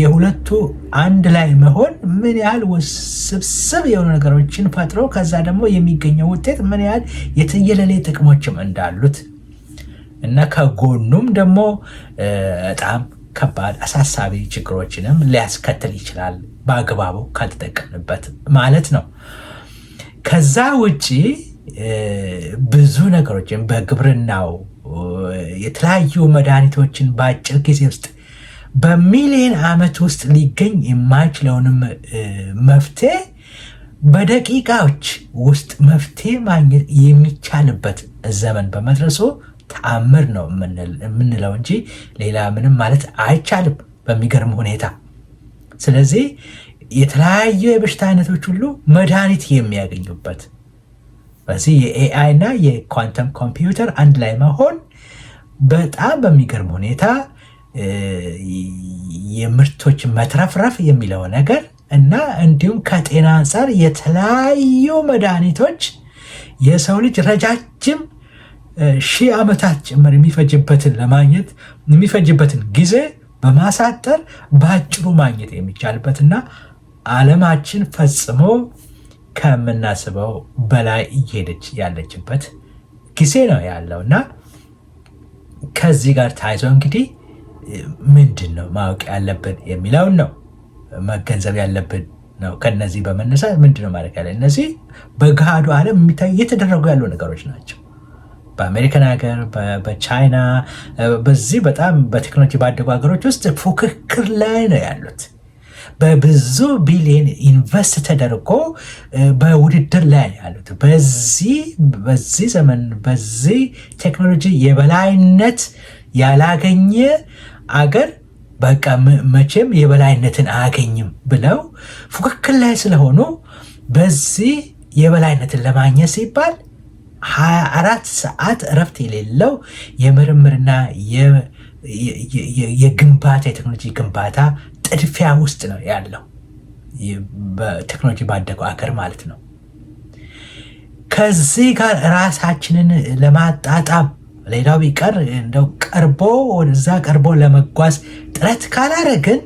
የሁለቱ አንድ ላይ መሆን ምን ያህል ውስብስብ የሆኑ ነገሮችን ፈጥሮ ከዛ ደግሞ የሚገኘው ውጤት ምን ያህል የትየለሌ ጥቅሞችም እንዳሉት እና ከጎኑም ደግሞ በጣም ከባድ አሳሳቢ ችግሮችንም ሊያስከትል ይችላል በአግባቡ ካልተጠቀምንበት ማለት ነው። ከዛ ውጭ ብዙ ነገሮችን በግብርናው የተለያዩ መድኃኒቶችን በአጭር ጊዜ ውስጥ በሚሊዮን ዓመት ውስጥ ሊገኝ የማይችለውንም መፍትሄ በደቂቃዎች ውስጥ መፍትሄ ማግኘት የሚቻልበት ዘመን በመድረሱ ተአምር ነው የምንለው እንጂ ሌላ ምንም ማለት አይቻልም፣ በሚገርም ሁኔታ። ስለዚህ የተለያዩ የበሽታ አይነቶች ሁሉ መድኃኒት የሚያገኙበት በዚህ የኤአይ እና የኳንተም ኮምፒውተር አንድ ላይ መሆን በጣም በሚገርም ሁኔታ የምርቶች መትረፍረፍ የሚለው ነገር እና እንዲሁም ከጤና አንጻር የተለያዩ መድኃኒቶች የሰው ልጅ ረጃጅም ሺህ ዓመታት ጭምር የሚፈጅበትን ለማግኘት የሚፈጅበትን ጊዜ በማሳጠር በአጭሩ ማግኘት የሚቻልበትና ዓለማችን ፈጽሞ ከምናስበው በላይ እየሄደች ያለችበት ጊዜ ነው ያለው እና ከዚህ ጋር ታይዞ እንግዲህ ምንድን ነው ማወቅ ያለብን የሚለውን ነው መገንዘብ ያለብን ነው። ከነዚህ በመነሳት ምንድን ነው ማድረግ ያለ እነዚህ በገሃዱ ዓለም እየተደረጉ ያሉ ነገሮች ናቸው። በአሜሪካን ሀገር፣ በቻይና በዚህ በጣም በቴክኖሎጂ ባደጉ ሀገሮች ውስጥ ፉክክር ላይ ነው ያሉት። በብዙ ቢሊዮን ኢንቨስት ተደርጎ በውድድር ላይ ያሉት በዚህ በዚህ ዘመን በዚህ ቴክኖሎጂ የበላይነት ያላገኘ አገር በቃ መቼም የበላይነትን አያገኝም ብለው ፉክክል ላይ ስለሆኑ በዚህ የበላይነትን ለማግኘት ሲባል 24 ሰዓት እረፍት የሌለው የምርምርና የግንባታ የቴክኖሎጂ ግንባታ ጥድፊያ ውስጥ ነው ያለው በቴክኖሎጂ ባደገው አገር ማለት ነው። ከዚህ ጋር ራሳችንን ለማጣጣም ሌላው ቢቀር እንደው ቀርቦ ወደዛ ቀርቦ ለመጓዝ ጥረት ካላረግን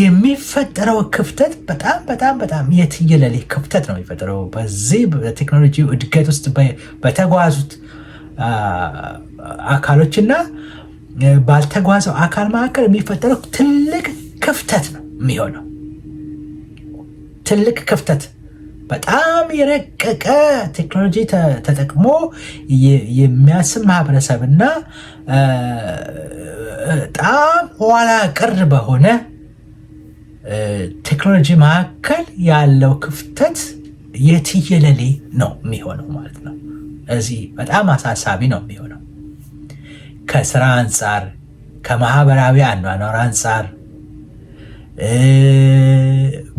የሚፈጠረው ክፍተት በጣም በጣም በጣም የትየለሌ ክፍተት ነው የሚፈጠረው። በዚህ በቴክኖሎጂ እድገት ውስጥ በተጓዙት አካሎች እና ባልተጓዘው አካል መካከል የሚፈጠረው ትልቅ ክፍተት ነው የሚሆነው ትልቅ ክፍተት በጣም የረቀቀ ቴክኖሎጂ ተጠቅሞ የሚያስብ ማህበረሰብ እና በጣም ኋላ ቀር በሆነ ቴክኖሎጂ መካከል ያለው ክፍተት የትየለሌ ነው የሚሆነው ማለት ነው። እዚህ በጣም አሳሳቢ ነው የሚሆነው ከስራ አንጻር፣ ከማህበራዊ አኗኗር አንጻር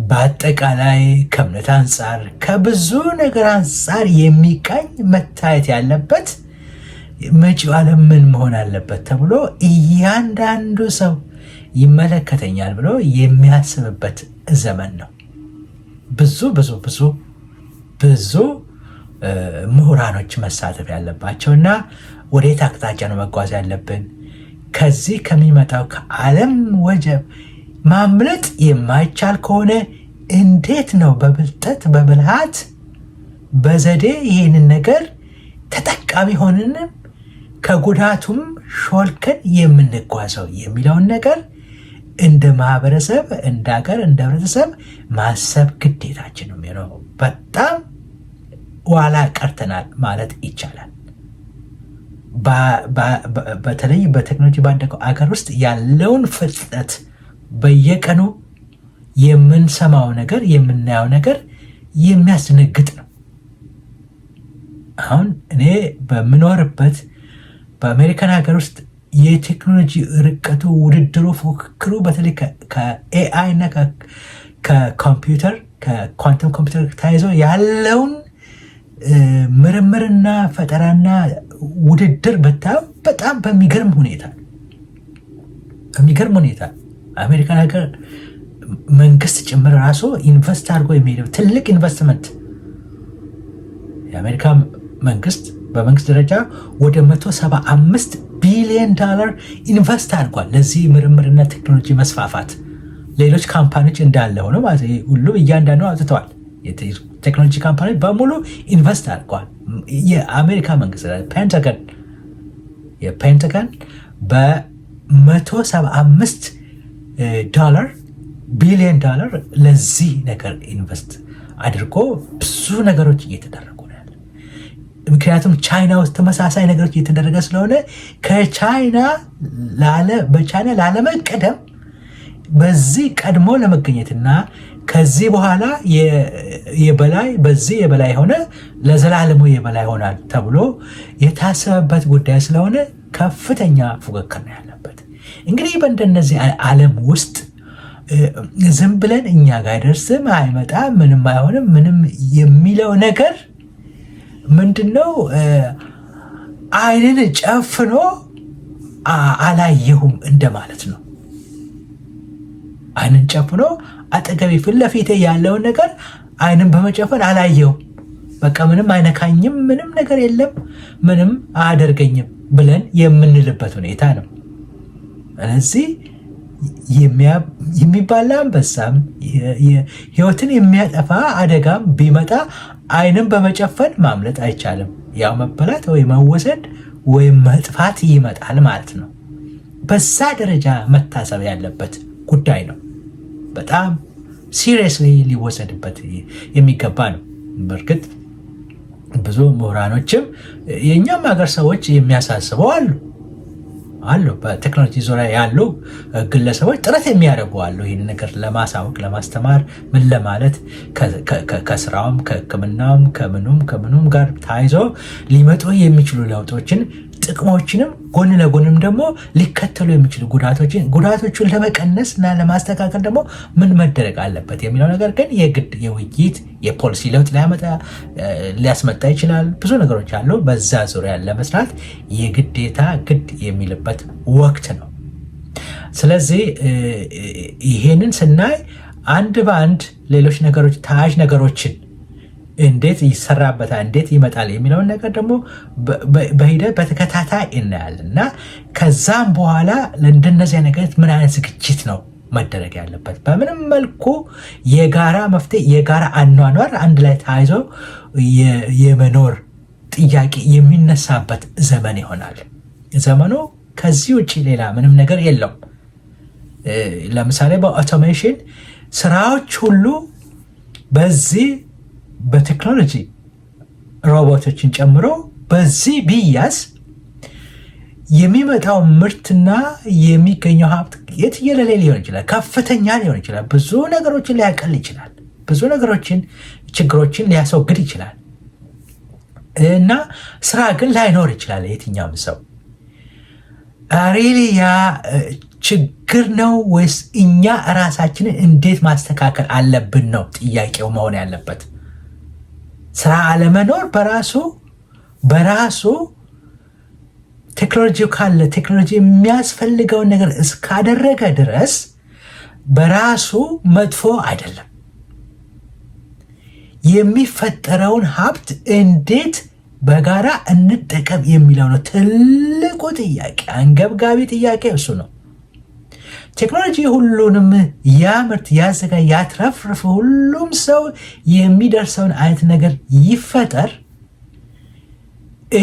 በአጠቃላይ ከእምነት አንጻር ከብዙ ነገር አንጻር የሚቃኝ መታየት ያለበት መጪው ዓለም ምን መሆን አለበት ተብሎ እያንዳንዱ ሰው ይመለከተኛል ብሎ የሚያስብበት ዘመን ነው። ብዙ ብዙ ብዙ ብዙ ምሁራኖች መሳተፍ ያለባቸው እና ወዴት አቅጣጫ ነው መጓዝ ያለብን ከዚህ ከሚመጣው ከዓለም ወጀብ ማምለጥ የማይቻል ከሆነ እንዴት ነው በብልጠት በብልሃት በዘዴ ይህንን ነገር ተጠቃሚ ሆንንም ከጉዳቱም ሾልከን የምንጓዘው የሚለውን ነገር እንደ ማህበረሰብ እንደ ሀገር እንደ ህብረተሰብ ማሰብ ግዴታችን ነው የሚለው በጣም ኋላ ቀርተናል ማለት ይቻላል። በተለይ በቴክኖሎጂ ባደገው አገር ውስጥ ያለውን ፍጥነት በየቀኑ የምንሰማው ነገር የምናየው ነገር የሚያስደነግጥ ነው። አሁን እኔ በምኖርበት በአሜሪካን ሀገር ውስጥ የቴክኖሎጂ ርቀቱ፣ ውድድሩ፣ ፉክክሩ በተለይ ከኤአይ እና ከኮምፒውተር ከኳንተም ኮምፒውተር ተያይዞ ያለውን ምርምርና ፈጠራና ውድድር በጣም በጣም በሚገርም ሁኔታ በሚገርም ሁኔታ አሜሪካን ሀገር መንግስት ጭምር ራሱ ኢንቨስት አድርጎ የሚሄደው ትልቅ ኢንቨስትመንት የአሜሪካ መንግስት በመንግስት ደረጃ ወደ 175 ቢሊዮን ዶላር ኢንቨስት አድርጓል ለዚህ ምርምርና ቴክኖሎጂ መስፋፋት። ሌሎች ካምፓኒዎች እንዳለ ሆኖ ማለት ሁሉም እያንዳንዱ አውጥተዋል። ቴክኖሎጂ ካምፓኒዎች በሙሉ ኢንቨስት አድርገዋል። የአሜሪካ መንግስት ፔንተገን የፔንተገን በ175 ዶላር ቢሊዮን ዶላር ለዚህ ነገር ኢንቨስት አድርጎ ብዙ ነገሮች እየተደረጉ ነው ያለ። ምክንያቱም ቻይና ውስጥ ተመሳሳይ ነገሮች እየተደረገ ስለሆነ ከቻይና በቻይና ላለመቀደም በዚህ ቀድሞ ለመገኘትና ከዚህ በኋላ የበላይ በዚህ የበላይ ሆነ ለዘላለሙ የበላይ ሆናል ተብሎ የታሰበበት ጉዳይ ስለሆነ ከፍተኛ ፉክክር ነው ያለ። እንግዲህ በእንደነዚህ ዓለም ውስጥ ዝም ብለን እኛ ጋር አይደርስም፣ አይመጣም፣ ምንም አይሆንም፣ ምንም የሚለው ነገር ምንድን ነው? ዓይንን ጨፍኖ አላየሁም እንደማለት ነው። ዓይንን ጨፍኖ አጠገቤ ፊት ለፊቴ ያለውን ነገር ዓይንን በመጨፈን አላየሁም፣ በቃ ምንም አይነካኝም፣ ምንም ነገር የለም፣ ምንም አያደርገኝም ብለን የምንልበት ሁኔታ ነው። ስለዚህ የሚባላ አንበሳም ህይወትን የሚያጠፋ አደጋም ቢመጣ አይንም በመጨፈን ማምለጥ አይቻልም። ያው መበላት ወይ መወሰድ ወይም መጥፋት ይመጣል ማለት ነው። በዛ ደረጃ መታሰብ ያለበት ጉዳይ ነው። በጣም ሲሪየስሊ ሊወሰድበት የሚገባ ነው። በእርግጥ ብዙ ምሁራኖችም የእኛም ሀገር ሰዎች የሚያሳስበው አሉ። አሉ። በቴክኖሎጂ ዙሪያ ያሉ ግለሰቦች ጥረት የሚያደርጉ አሉ፣ ይህን ነገር ለማሳወቅ ለማስተማር፣ ምን ለማለት ከስራውም ከህክምናውም ከምኑም ከምኑም ጋር ታይዞ ሊመጡ የሚችሉ ለውጦችን ጥቅሞችንም ጎን ለጎንም ደግሞ ሊከተሉ የሚችሉ ጉዳቶችን ጉዳቶቹን ለመቀነስ እና ለማስተካከል ደግሞ ምን መደረግ አለበት የሚለው ነገር ግን የግድ የውይይት የፖሊሲ ለውጥ ሊያስመጣ ይችላል። ብዙ ነገሮች አሉ። በዛ ዙሪያ ለመስራት የግዴታ ግድ የሚልበት ወቅት ነው። ስለዚህ ይሄንን ስናይ አንድ በአንድ ሌሎች ነገሮች ተያያዥ ነገሮችን እንዴት ይሰራበታል፣ እንዴት ይመጣል የሚለውን ነገር ደግሞ በሂደት በተከታታይ እናያለን እና ከዛም በኋላ ለእንደነዚያ ነገር ምን አይነት ዝግጅት ነው መደረግ ያለበት? በምንም መልኩ የጋራ መፍትሄ የጋራ አኗኗር አንድ ላይ ተያይዞ የመኖር ጥያቄ የሚነሳበት ዘመን ይሆናል። ዘመኑ ከዚህ ውጭ ሌላ ምንም ነገር የለውም። ለምሳሌ በኦቶሜሽን ስራዎች ሁሉ በዚህ በቴክኖሎጂ ሮቦቶችን ጨምሮ በዚህ ቢያዝ የሚመጣው ምርትና የሚገኘው ሀብት የትየለሌ ሊሆን ይችላል፣ ከፍተኛ ሊሆን ይችላል። ብዙ ነገሮችን ሊያቀል ይችላል። ብዙ ነገሮችን ችግሮችን ሊያስወግድ ይችላል እና ስራ ግን ላይኖር ይችላል። የትኛውም ሰው ሪሊ ያ ችግር ነው ወይስ እኛ ራሳችንን እንዴት ማስተካከል አለብን ነው ጥያቄው መሆን ያለበት። ስራ አለመኖር በራሱ በራሱ ቴክኖሎጂ ካለ ቴክኖሎጂ የሚያስፈልገውን ነገር እስካደረገ ድረስ በራሱ መጥፎ አይደለም። የሚፈጠረውን ሀብት እንዴት በጋራ እንጠቀም የሚለው ነው ትልቁ ጥያቄ፣ አንገብጋቢ ጥያቄ እሱ ነው። ቴክኖሎጂ ሁሉንም ያምርት፣ ያዘጋ፣ ያትረፍርፍ፣ ሁሉም ሰው የሚደርሰውን አይነት ነገር ይፈጠር።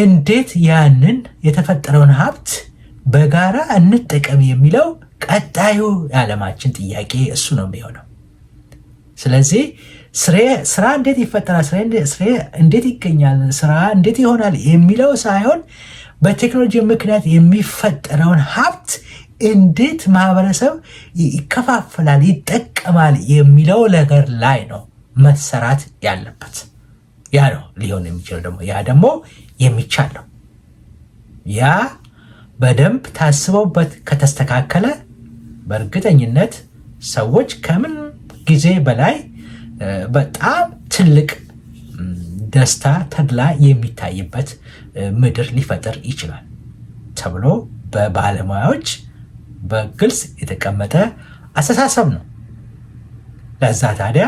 እንዴት ያንን የተፈጠረውን ሀብት በጋራ እንጠቀም የሚለው ቀጣዩ የዓለማችን ጥያቄ እሱ ነው የሚሆነው። ስለዚህ ስራ እንዴት ይፈጠራል፣ ስራ እንዴት ይገኛል፣ ስራ እንዴት ይሆናል የሚለው ሳይሆን በቴክኖሎጂ ምክንያት የሚፈጠረውን ሀብት እንዴት ማህበረሰብ ይከፋፈላል፣ ይጠቀማል የሚለው ነገር ላይ ነው መሰራት ያለበት። ያ ነው ሊሆን የሚችለው ደግሞ ያ ደግሞ የሚቻል ነው። ያ በደንብ ታስበውበት ከተስተካከለ በእርግጠኝነት ሰዎች ከምን ጊዜ በላይ በጣም ትልቅ ደስታ ተድላ የሚታይበት ምድር ሊፈጥር ይችላል ተብሎ በባለሙያዎች በግልጽ የተቀመጠ አስተሳሰብ ነው። ለዛ ታዲያ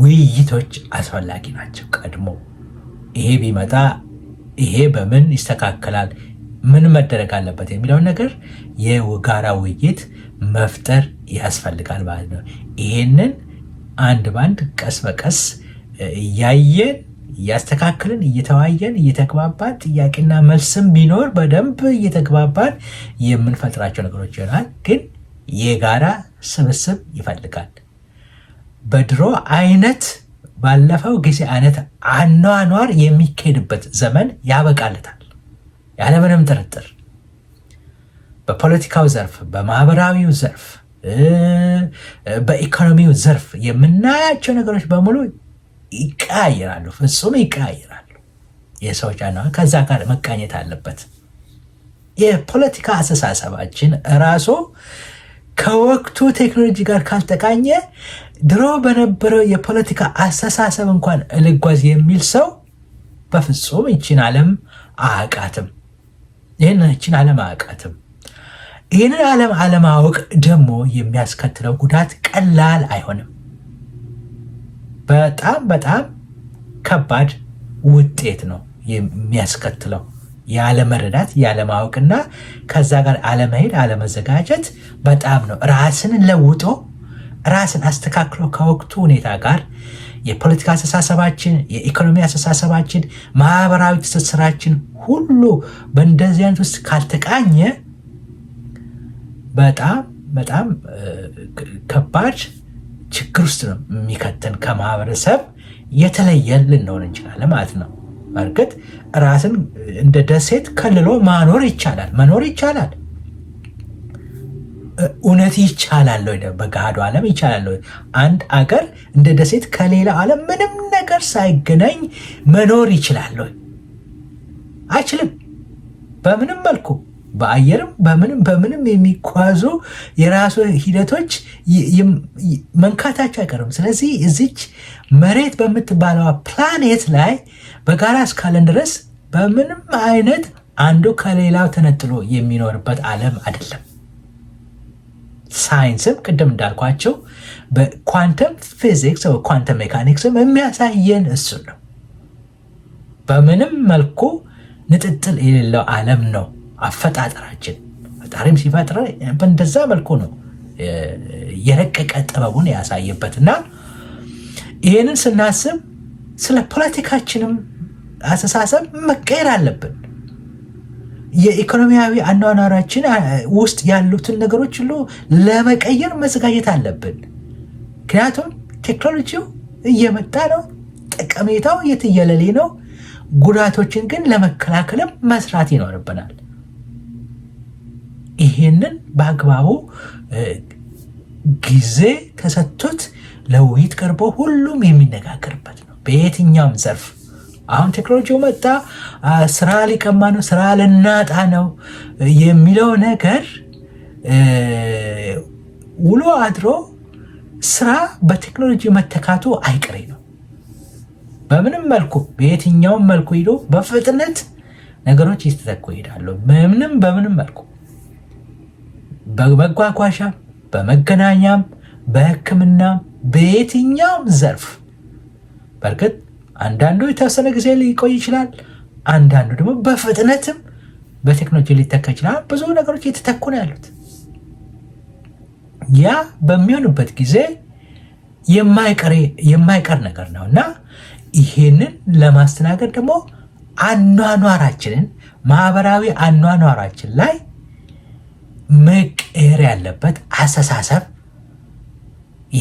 ውይይቶች አስፈላጊ ናቸው። ቀድሞ ይሄ ቢመጣ ይሄ በምን ይስተካከላል፣ ምን መደረግ አለበት የሚለውን ነገር የጋራ ውይይት መፍጠር ያስፈልጋል ማለት ነው። ይሄንን አንድ ባንድ ቀስ በቀስ እያየን እያስተካከልን እየተዋየን እየተግባባን ጥያቄና መልስም ቢኖር በደንብ እየተግባባን የምንፈጥራቸው ነገሮች ይሆናል። ግን የጋራ ስብስብ ይፈልጋል። በድሮ አይነት ባለፈው ጊዜ አይነት አኗኗር የሚካሄድበት ዘመን ያበቃለታል ያለምንም ጥርጥር። በፖለቲካው ዘርፍ፣ በማህበራዊው ዘርፍ፣ በኢኮኖሚው ዘርፍ የምናያቸው ነገሮች በሙሉ ይቀያየራሉ፣ ፍጹም ይቀያየራሉ። የሰው ጫና ከዛ ጋር መቃኘት አለበት። የፖለቲካ አስተሳሰባችን ራሱ ከወቅቱ ቴክኖሎጂ ጋር ካልተቃኘ ድሮ በነበረው የፖለቲካ አስተሳሰብ እንኳን እልጓዝ የሚል ሰው በፍጹም ይችን ዓለም አያውቃትም። ይህን ይችን ዓለም አያውቃትም። ይህንን ዓለም አለማወቅ ደግሞ የሚያስከትለው ጉዳት ቀላል አይሆንም። በጣም በጣም ከባድ ውጤት ነው የሚያስከትለው። ያለመረዳት ያለማወቅና ከዛ ጋር አለመሄድ አለመዘጋጀት በጣም ነው ራስን ለውጦ ራስን አስተካክሎ ከወቅቱ ሁኔታ ጋር የፖለቲካ አስተሳሰባችን፣ የኢኮኖሚ አስተሳሰባችን፣ ማህበራዊ ትስስራችን ሁሉ በእንደዚህ አይነት ውስጥ ካልተቃኘ በጣም በጣም ከባድ ችግር ውስጥ ነው የሚከተን ከማህበረሰብ የተለየን ልንሆን እንችላለን ማለት ነው። በእርግጥ ራስን እንደ ደሴት ከልሎ ማኖር ይቻላል፣ መኖር ይቻላል። እውነት ይቻላል ወይ? በገሃዱ ዓለም ይቻላል ወይ? አንድ አገር እንደ ደሴት ከሌላ ዓለም ምንም ነገር ሳይገናኝ መኖር ይችላል ወይ? አይችልም፣ በምንም መልኩ በአየርም በምንም በምንም የሚጓዙ የራሱ ሂደቶች መንካታቸው አይቀርም። ስለዚህ እዚች መሬት በምትባለዋ ፕላኔት ላይ በጋራ እስካለን ድረስ በምንም አይነት አንዱ ከሌላው ተነጥሎ የሚኖርበት ዓለም አይደለም። ሳይንስም ቅድም እንዳልኳቸው በኳንተም ፊዚክስ ኳንተም ሜካኒክስም የሚያሳየን እሱ ነው። በምንም መልኩ ንጥጥል የሌለው ዓለም ነው አፈጣጠራችን ፈጣሪም ሲፈጥር በእንደዛ መልኩ ነው የረቀቀ ጥበቡን ያሳየበትና ይህንን ስናስብ ስለ ፖለቲካችንም አስተሳሰብ መቀየር አለብን። የኢኮኖሚያዊ አኗኗራችን ውስጥ ያሉትን ነገሮች ሁሉ ለመቀየር መዘጋጀት አለብን። ምክንያቱም ቴክኖሎጂው እየመጣ ነው፣ ጠቀሜታው የትየለሌ ነው። ጉዳቶችን ግን ለመከላከልም መስራት ይኖርብናል። ይሄንን በአግባቡ ጊዜ ተሰጥቶት ለውይይት ቀርቦ ሁሉም የሚነጋገርበት ነው። በየትኛውም ዘርፍ አሁን ቴክኖሎጂው መጣ፣ ስራ ሊቀማ ነው፣ ስራ ልናጣ ነው የሚለው ነገር ውሎ አድሮ ስራ በቴክኖሎጂ መተካቱ አይቀሬ ነው። በምንም መልኩ በየትኛውም መልኩ ሂዶ በፍጥነት ነገሮች ይስተተኩ ይሄዳሉ። ምንም በምንም መልኩ በመጓጓዣ በመገናኛም በሕክምናም በየትኛውም ዘርፍ በእርግጥ አንዳንዱ የተወሰነ ጊዜ ሊቆይ ይችላል። አንዳንዱ ደግሞ በፍጥነትም በቴክኖሎጂ ሊተካ ይችላል። ብዙ ነገሮች እየተተኩ ነው ያሉት። ያ በሚሆንበት ጊዜ የማይቀር ነገር ነው እና ይሄንን ለማስተናገድ ደግሞ አኗኗራችንን ማህበራዊ አኗኗራችን ላይ መቀየር ያለበት አስተሳሰብ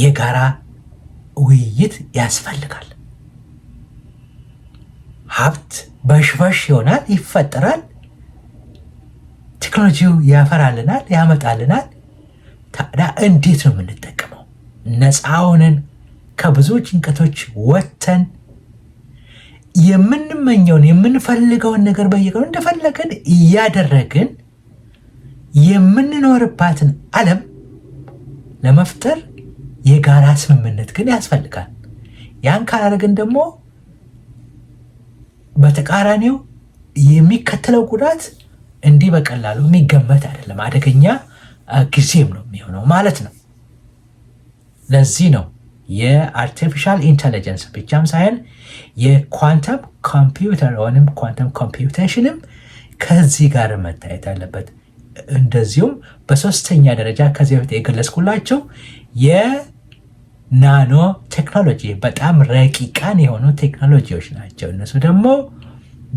የጋራ ውይይት ያስፈልጋል። ሀብት በሽበሽ ይሆናል፣ ይፈጠራል። ቴክኖሎጂው ያፈራልናል፣ ያመጣልናል። ታዲያ እንዴት ነው የምንጠቀመው? ነፃውንን ከብዙ ጭንቀቶች ወጥተን የምንመኘውን የምንፈልገውን ነገር በየቀኑ እንደፈለገን እያደረግን የምንኖርባትን ዓለም ለመፍጠር የጋራ ስምምነት ግን ያስፈልጋል። ያን ካላደረግን ደግሞ በተቃራኒው የሚከተለው ጉዳት እንዲህ በቀላሉ የሚገመት አይደለም። አደገኛ ጊዜም ነው የሚሆነው ማለት ነው። ለዚህ ነው የአርቲፊሻል ኢንቴሊጀንስ ብቻም ሳይሆን የኳንተም ኮምፒውተር ወይም ኳንተም ኮምፒውቴሽንም ከዚህ ጋር መታየት አለበት። እንደዚሁም በሶስተኛ ደረጃ ከዚህ በፊት የገለጽኩላቸው የናኖ ቴክኖሎጂ በጣም ረቂቃን የሆኑ ቴክኖሎጂዎች ናቸው። እነሱ ደግሞ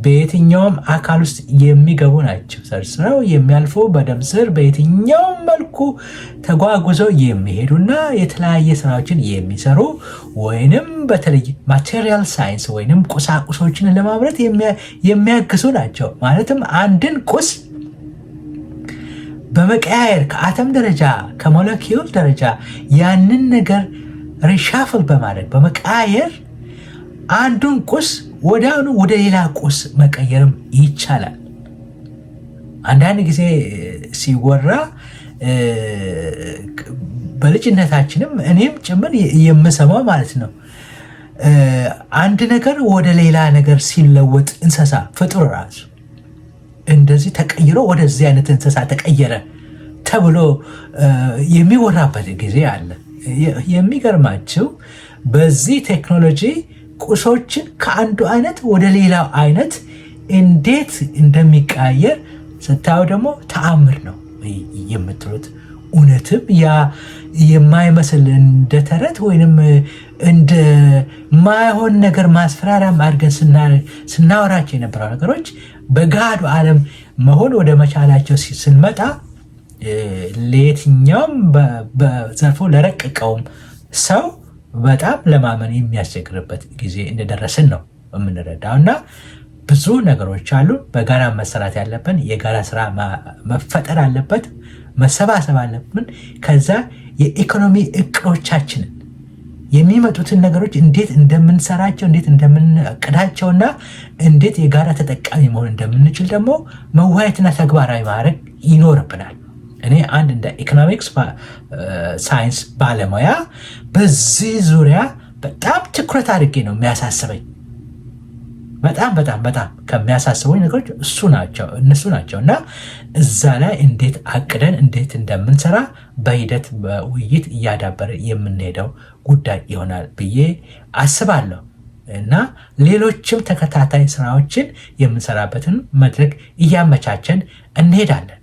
በየትኛውም አካል ውስጥ የሚገቡ ናቸው። ሰርስረው የሚያልፉ በደም ስር በየትኛውም መልኩ ተጓጉዘው የሚሄዱና የተለያየ ስራዎችን የሚሰሩ ወይንም በተለይ ማቴሪያል ሳይንስ ወይንም ቁሳቁሶችን ለማምረት የሚያግዙ ናቸው። ማለትም አንድን ቁስ በመቀያየር ከአተም ደረጃ ከሞለኪውል ደረጃ ያንን ነገር ሪሻፍል በማድረግ በመቀያየር አንዱን ቁስ ወዲያውኑ ወደ ሌላ ቁስ መቀየርም ይቻላል። አንዳንድ ጊዜ ሲወራ በልጅነታችንም እኔም ጭምር የምሰማው ማለት ነው አንድ ነገር ወደ ሌላ ነገር ሲለወጥ እንስሳ ፍጡር ራሱ እንደዚህ ተቀይሮ ወደዚህ አይነት እንስሳ ተቀየረ ተብሎ የሚወራበት ጊዜ አለ። የሚገርማችሁ በዚህ ቴክኖሎጂ ቁሶችን ከአንዱ አይነት ወደ ሌላው አይነት እንዴት እንደሚቀየር ስታዩ ደግሞ ተአምር ነው የምትሉት። እውነትም ያ የማይመስል እንደተረት ወይንም እንደ ማይሆን ነገር ማስፈራሪያም አድርገን ስናወራቸው የነበረው ነገሮች በገሃዱ ዓለም መሆን ወደ መቻላቸው ስንመጣ ለየትኛውም በዘርፎ ለረቀቀውም ሰው በጣም ለማመን የሚያስቸግርበት ጊዜ እንደደረስን ነው የምንረዳው እና ብዙ ነገሮች አሉ። በጋራ መሰራት ያለብን የጋራ ስራ መፈጠር አለበት፣ መሰባሰብ አለብን። ከዛ የኢኮኖሚ እቅዶቻችንን የሚመጡትን ነገሮች እንዴት እንደምንሰራቸው እንዴት እንደምንቅዳቸውና እንዴት የጋራ ተጠቃሚ መሆን እንደምንችል ደግሞ መዋየትና ተግባራዊ ማድረግ ይኖርብናል። እኔ አንድ እንደ ኢኮኖሚክስ ሳይንስ ባለሙያ በዚህ ዙሪያ በጣም ትኩረት አድርጌ ነው የሚያሳስበኝ። በጣም በጣም በጣም ከሚያሳስቡኝ ነገሮች እሱ ናቸው እነሱ ናቸው እና እዛ ላይ እንዴት አቅደን እንዴት እንደምንሰራ በሂደት በውይይት እያዳበረ የምንሄደው ጉዳይ ይሆናል ብዬ አስባለሁ እና ሌሎችም ተከታታይ ስራዎችን የምንሰራበትን መድረክ እያመቻቸን እንሄዳለን።